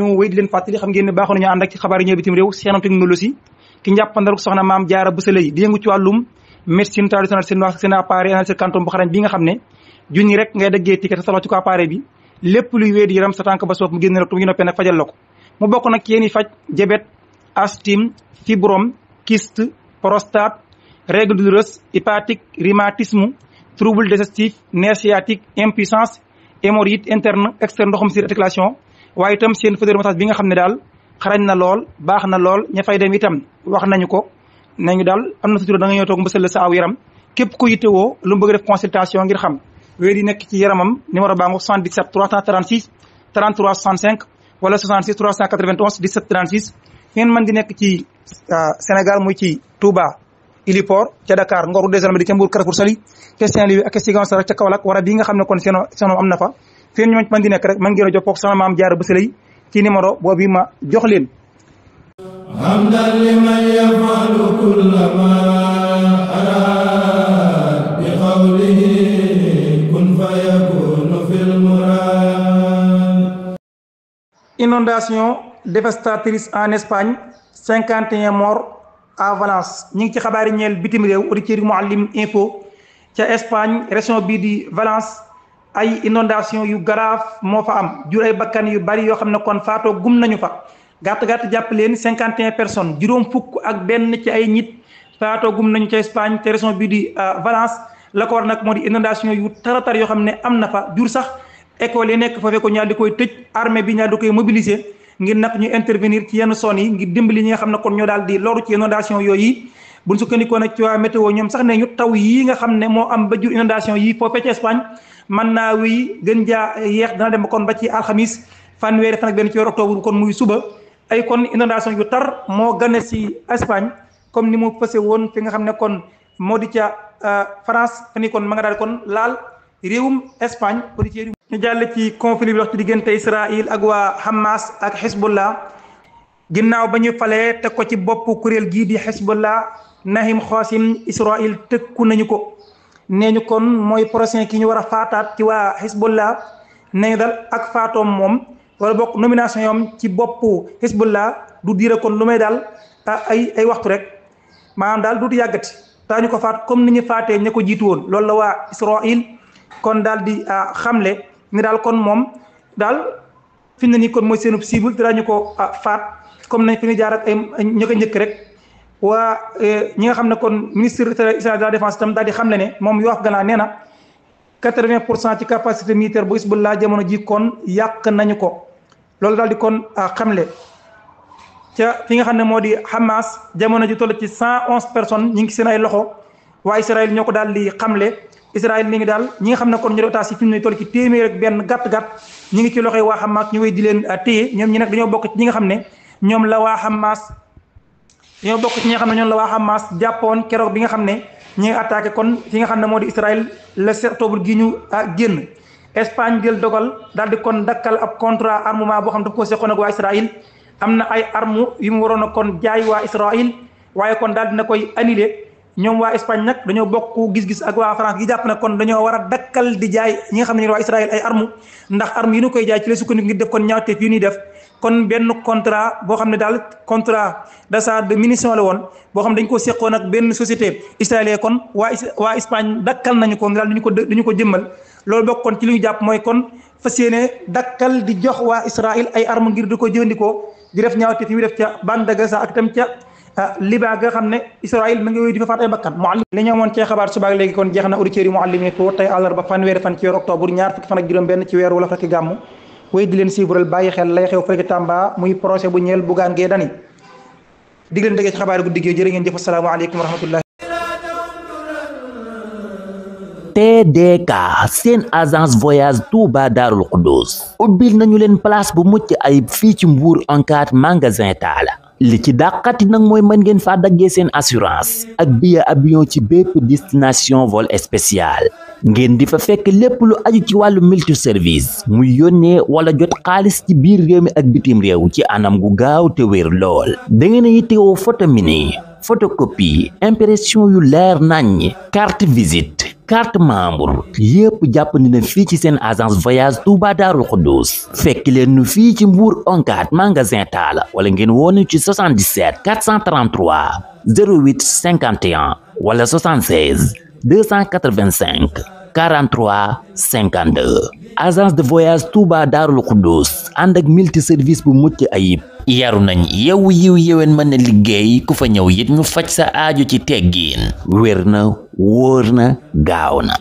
ñu wéy di leen fàttali xam ngeen ne baaxoon nañu ànd ak ci xabaar yi ñëw bitim réew seenam technologie ki njàppandaruk soxna maam jaara bësale yi di yëngu ci wàllum médecine traditionnelle seen wax seen appareil anal kantoom bu xarañ bi nga xam ne junni rek ngay daggee ticket sa ci ko appareil bi lépp luy wéy yaram sa tànk ba soof mu génn rek tu mu ngi noppee nag fajal la ko mu bokk nag yéen i faj jabet asthme fibrome kyste prostate règle douloureuse hépatique rhumatisme trouble digestif nerf sciatique impuissance hémorroïde waaye itam seen fauteuil massage bi nga xam ne daal xarañ na lool baax na lool ña fay dem itam wax nañu ko nañu daal am na sutura da nga ñëw toog mbësal la sa aw yaram képp ku yittewoo lu mu bëgg def consultation ngir xam wéy di nekk ci yaramam numéro baa ngo 77 336 33 65 wala 66 391 17 36 ngeen mën di nekk ci euh, Sénégal muy ci Touba Iliport ca Dakar Ngor Oudezel Madi ca Mbour Carrefour Saly ca Saint-Louis ak ca Ziguinchor ca Kaolack wara bi nga xam ne kon seen seen am na fa fii ñoo man di nekk rek man ngeen a jokkoo sama maam Jaara Buso ci numéro boobu ma jox leen hamdan liman yafalu kulla ma araada bi qawlihi kun fa yakunu fil murad inondation dévastatrice en Espagne cinquante et un morts Valence ñi ngi ci xabaari ñeel bitim réew auditeurs yi Mouhalim info ca Espagne région bi di Valence ay inondation yu grave moo fa am jur ay bakkan yu bari yoo xam ne kon faatoo gum nañu fa gàtt gàtt jàpp leen cinquante et personnes juróom fukk ak benn ci ay nit faatoo gum nañu ca Espagne te région bi di euh, Valence la ko war nag moo di inondation yu taratar yoo xam ne am na fa jur sax école yi nekk foofee ko ñaar di koy tëj armee bi ñaar di koy mobiliser ngir nag ñu intervenir ci yenn son yi ngir dimbali ñi nga xam ne kon ñoo daal di loru ci inondation yooyu buñ sukkandikoo nag ci waa météo ñoom sax ne ñu taw yii nga xam ne moo am ba jur inondation yi foofee ci Espagne man naa wéy gën jaa yeex dana dem kon ba ci alxamis fanweeri fan ak benn ci weeru octobre kon muy suba ay kon inondation yu tar moo gane si Espagne comme ni mu fëse woon fi nga xam ne kon moo di ca euh, France fa ni kon ma nga daal kon laal réewum Espagne policier ñu jàll ci conflit bi dox ci diggante Israël ak waa Hamas ak Hezbollah ginnaaw ba ñu falee teg ko ci bopp kuréel gii di xisbullah nahim xoosim israil tëkku nañu ko nee ñu kon mooy prochain ki ñu war a faataat ci waa xisbullah nee ñu daal ak faatoom moom wala bokk nomination yom ci boppu xisbullah du diire kon lu may daal ay ay waxtu rek maanaam daal duutu yàggati daa ñu ko faat comme ni faatee ña ko jiitu woon loolu la waa israil kon daal di ah, xamle ni daal kon moom daal fi na ne nii kon mooy seenub cible te daañu ko ah, faat comme nañ fi ñu jaar ak ay ña njëkk rek waa eh, ñi nga xam ne kon ministre de la défense itam daal di xam le ne moom Yoav Gallant nee na quatre-vingt pour cent ci capacité militaire bu Hizbullah jamono ji kon yàq nañu ko loolu daal di kon xam xamle ca fi nga xam ne moo di Hamas jamono ji toll ci cent onze personnes ñi ngi seen ay loxo waa Israël ñoo ko daal di xam le mi ngi daal ñi nga xam ne kon ñu otage yi fi ci benn gàtt-gàtt ñi ngi ci loxoy waa Hamas ñu wéy di leen eh, téye ñoom nag dañoo bokk ci ñi nga xam ne ñoom la waa Hamas ñoo bokk ci ñi nga xam ne ñoom la waa Hamas jàppoon keroog bi nga xam ne ñi ngi attaqué kon fi nga xam ne moo di Israël la 7 octobre gi ñu ah, génn Espagne jël dogal daal di kon dakkal ab contrat armement boo xam ne daf ko seqoon ak waa Israël am na ay armes yu mu waroon a kon jaay waa Israël waaye kon daal na koy annulé ñoom waa Espagne nag dañoo bokk gis-gis ak waa France gi jàpp ne kon dañoo war a dakkal di jaay ñi nga xam ne waa Israël ay armes ndax armes yi ñu koy jaay ci def kon ñaawteef yu ñuy def. kon benn contrat boo xam ne daal contrat d'achat de munition la woon boo xam ne dañ ko seqoon ak benn société israélien kon waa waa Espagne dakkal nañu ko daal duñu ko duñu ko jëmmal loolu bokk kon ci li ñu jàpp mooy kon fas yéene dakkal di jox waa Israël ay armes ngir di ko jëfandikoo di def ñaawte fi mu def ca bande Gaza ak tam ca ah, Liban nga xam ne Israël mi ngi wéy fa faat ay bakkan mu li ñu fanweeri fan ci weeru octobre ñaar fukki fan ak juróom benn ci weer wala fekki gàmmu wéy di leen siibural bàyyi lay xew fekk Tamba muy procès bu ñeel Bougane Gueye Dany dig leen dëggee xabaar guddi gi jërë ngeen jëf asalaamaaleykum wa rahmatullah seen agence voyage Touba Darul Khoudoss ubbil nañu leen place bu mucc ay fii ci Mbour encare magasin Talla li ci dàqati nag mooy mën ngeen faa daggee seen assurance ak billet avion ci bépp destination vol spécial ngeen di fa fekk lépp lu aju ci wàllu multi service muy yónnee wala jot xaalis ci biir réew mi ak bitim réew ci anam gu gaaw te wér lool da ngeen a yittewoo photo mini photocopie impression yu leer nañ carte visite carte membre yépp jàpp ni na fii ci seen agence voyage Touba Daarul Xuddus fekk leen nu fii ci Mbour oncat magasin Talla wala ngeen woonu ci 77 433 08 51 wala 76 285 43 52 agence de voyage Touba Daarul Xuddus ànd ak multi service bu mucc ayib yaru nañ yow yiw yéwén mën na liggéey ku fa ñëw yit ñu faj sa aaju ci teggiin wér na wóor na gaaw na